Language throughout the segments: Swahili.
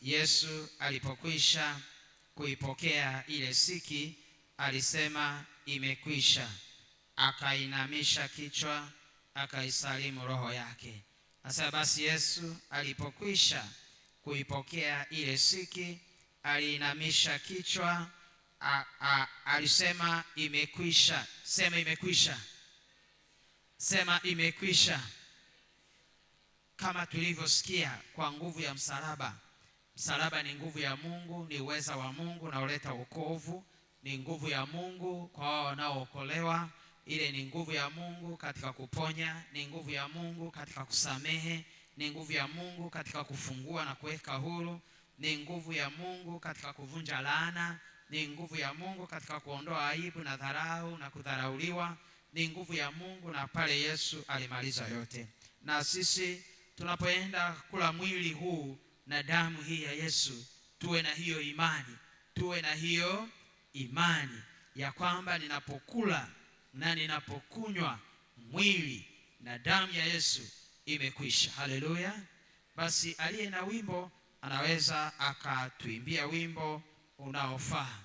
Yesu alipokwisha kuipokea ile siki, alisema imekwisha, akainamisha kichwa, akaisalimu roho yake. Sasa basi, Yesu alipokwisha kuipokea ile siki, aliinamisha kichwa, a, a, alisema imekwisha. Sema imekwisha, sema imekwisha, kama tulivyosikia kwa nguvu ya msalaba Msalaba ni nguvu ya Mungu, ni uweza wa Mungu unaoleta wokovu, ni nguvu ya Mungu kwa wao wanaookolewa. Ile ni nguvu ya Mungu katika kuponya, ni nguvu ya Mungu katika kusamehe, ni nguvu ya Mungu katika kufungua na kuweka huru, ni nguvu ya Mungu katika kuvunja laana, ni nguvu ya Mungu katika kuondoa aibu na dharau na kudharauliwa, ni nguvu ya Mungu. Na pale Yesu alimaliza yote, na sisi tunapoenda kula mwili huu na damu hii ya Yesu, tuwe na hiyo imani, tuwe na hiyo imani ya kwamba ninapokula na ninapokunywa mwili na damu ya Yesu imekwisha. Haleluya! Basi aliye na wimbo anaweza akatuimbia wimbo unaofaa.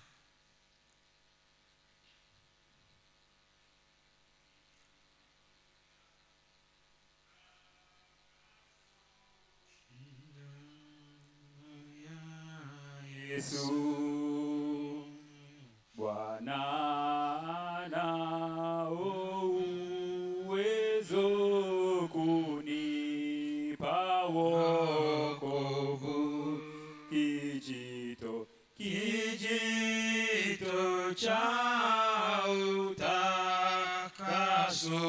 Yesu Bwana na uwezo kunipa wokovu, kijito kijito cha utakaso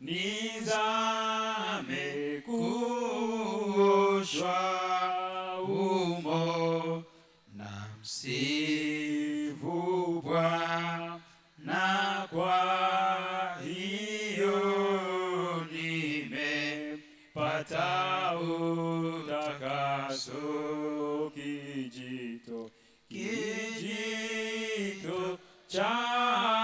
nizame kuoshwa Si Msifu na kwa hiyo nimepata utakaso, kijito kijito cha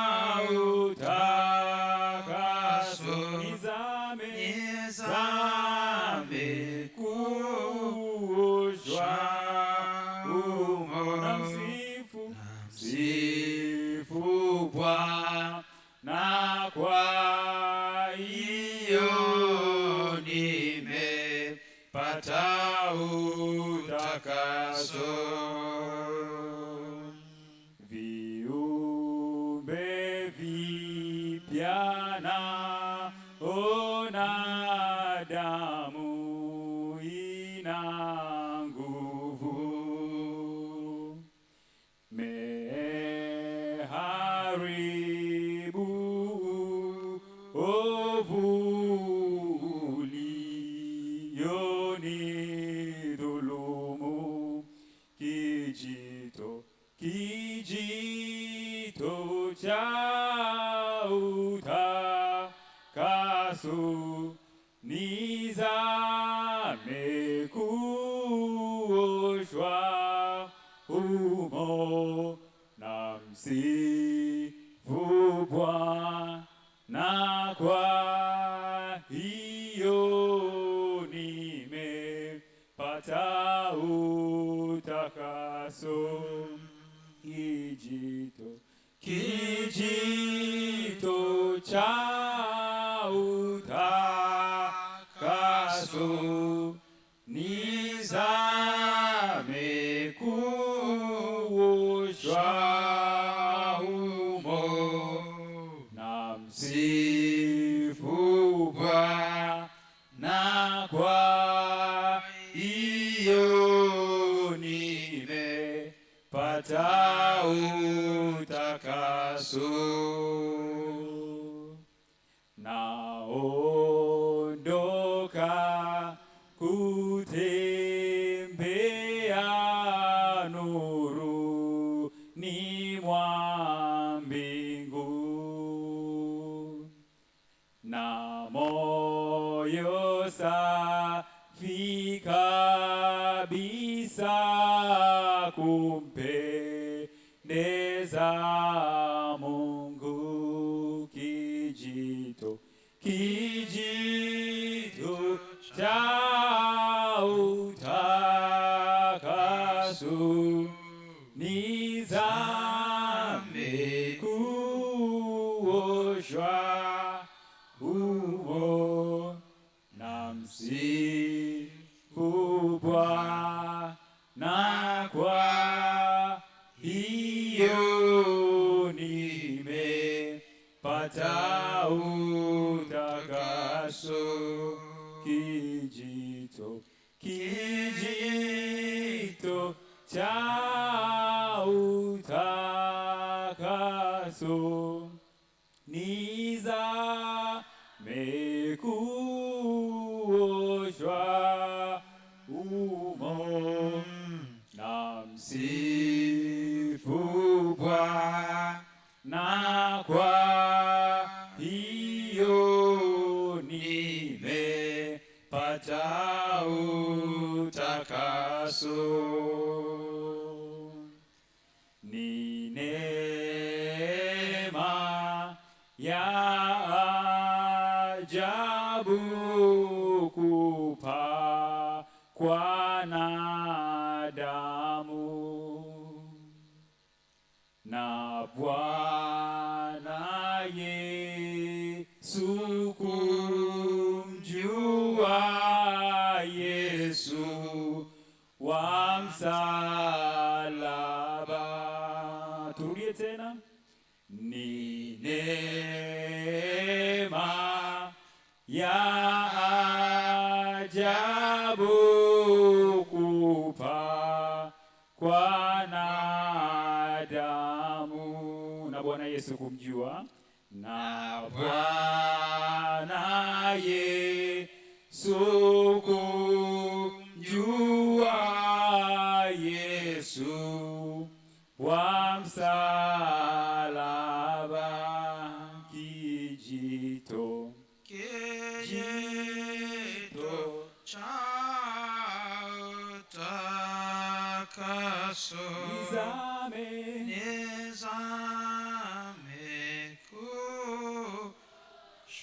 na utakaso joie humo, na msifu Bwana. Kwa hiyo pata utakaso, kijito kijito cha utakaso ni pata utakaso, naondoka kutembea ni mwa mbingu, na moyo safi kabisa kum acredito que dito chau takaso niza meku shwa umo namsi wanadamu na Bwana Yesu kumjua Yesu wa msalaba. Turudie tena, ni neema ya Yesu kumjua na Bwana Yesu kumjua Yesu wamsa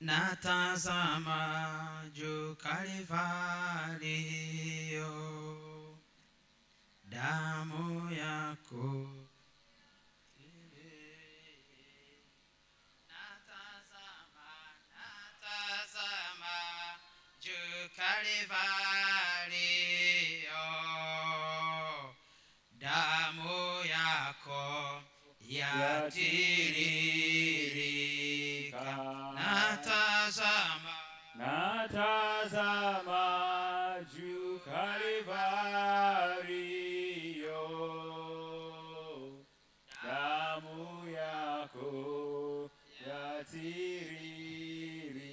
natazama juu Kalvario, damu yako natazama, natazama juu Kalvario, damu yako yatiri siri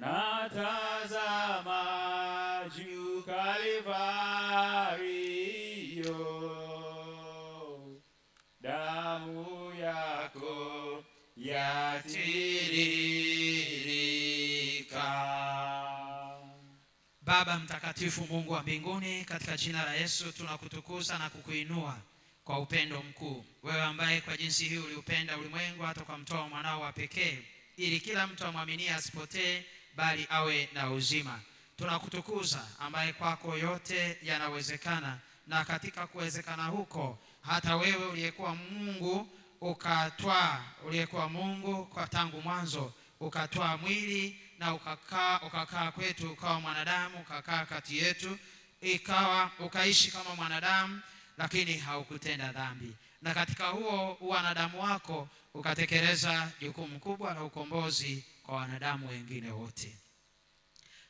natazama juu Kalvario, damu yako yatiririka. Baba mtakatifu, Mungu wa mbinguni, katika jina la Yesu tunakutukuza na kukuinua kwa upendo mkuu, wewe ambaye kwa jinsi hii uliupenda ulimwengu hata ukamtoa mwanao wa pekee, ili kila mtu amwaminie asipotee, bali awe na uzima. Tunakutukuza ambaye kwako yote yanawezekana, na katika kuwezekana huko hata wewe uliyekuwa Mungu ukatwaa, uliyekuwa Mungu kwa tangu mwanzo ukatwaa mwili na ukakaa ukakaa kwetu, ukawa mwanadamu, ukakaa kati yetu, ikawa ukaishi kama mwanadamu lakini haukutenda dhambi, na katika huo uwanadamu wako ukatekeleza jukumu kubwa la ukombozi kwa wanadamu wengine wote.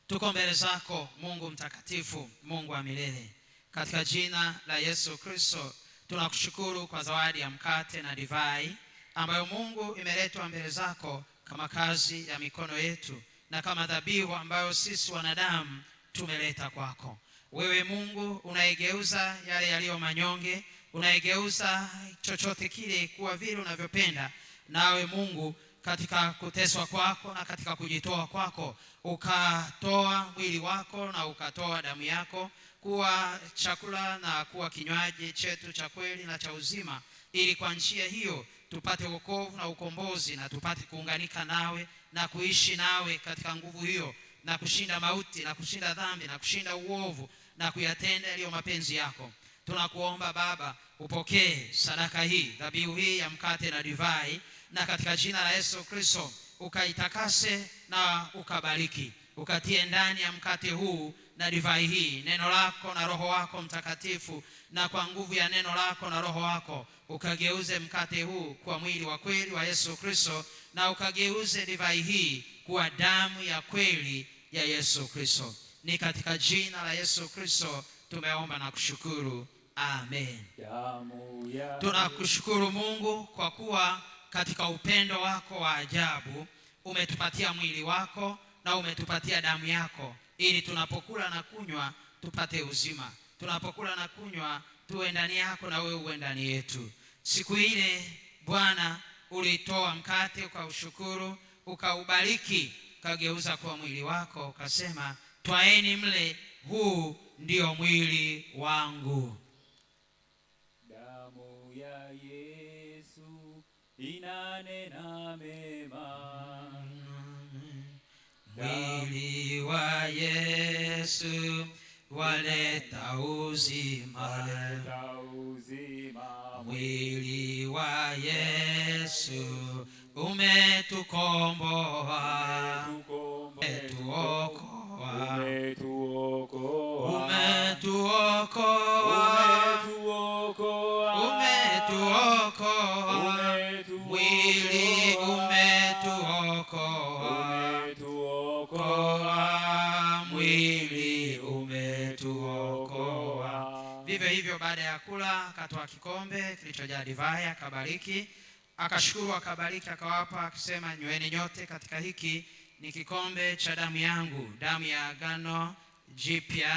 Tuko mbele zako Mungu mtakatifu, Mungu wa milele, katika jina la Yesu Kristo tunakushukuru kwa zawadi ya mkate na divai ambayo Mungu imeletwa mbele zako kama kazi ya mikono yetu na kama dhabihu ambayo sisi wanadamu tumeleta kwako. Wewe Mungu unaigeuza yale yaliyo manyonge, unaigeuza chochote kile kuwa vile unavyopenda. Nawe Mungu, katika kuteswa kwako na katika kujitoa kwako, ukatoa mwili wako na ukatoa damu yako kuwa chakula na kuwa kinywaji chetu cha kweli na cha uzima, ili kwa njia hiyo tupate wokovu na ukombozi na tupate kuunganika nawe na kuishi nawe katika nguvu hiyo na kushinda mauti na kushinda dhambi na kushinda uovu na kuyatenda yaliyo mapenzi yako. Tunakuomba Baba, upokee sadaka hii, dhabihu hii ya mkate na divai, na katika jina la Yesu Kristo ukaitakase na ukabariki, ukatie ndani ya mkate huu na divai hii neno lako na Roho wako Mtakatifu, na kwa nguvu ya neno lako na Roho wako ukageuze mkate huu kuwa mwili wa kweli wa Yesu Kristo, na ukageuze divai hii kuwa damu ya kweli ya Yesu Kristo. Ni katika jina la Yesu Kristo tumeomba na kushukuru, amen. Tunakushukuru Mungu kwa kuwa katika upendo wako wa ajabu umetupatia mwili wako na umetupatia damu yako, ili tunapokula na kunywa tupate uzima, tunapokula na kunywa tuwe ndani yako na wewe uwe ndani yetu. Siku ile Bwana ulitoa mkate kwa ushukuru, ukaubariki, ukageuza kwa mwili wako, ukasema twaeni mle, huu ndio mwili wangu. Damu ya Yesu inanena mema, mwili wa Yesu waleta uzima, mwili wa Yesu umetukomboa, umetuokoa umetuokoa, umetuokoa, Vivyo hivyo baada ya kula akatoa kikombe kilichojaa divai akabariki, akashukuru, akabariki, akawapa akisema, nyweni nyote katika hiki ni kikombe cha damu yangu, damu ya agano jipya.